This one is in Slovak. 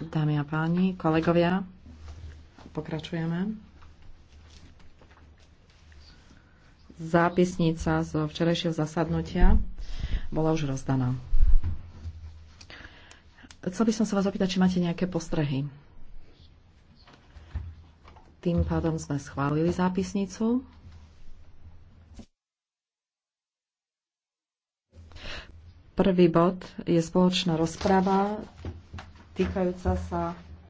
Dámy a páni, kolegovia, pokračujeme. Zápisnica zo včerajšieho zasadnutia bola už rozdaná. Chcel by som sa vás opýtať, či máte nejaké postrehy. Tým pádom sme schválili zápisnicu. Prvý bod je spoločná rozprava týkajúca sa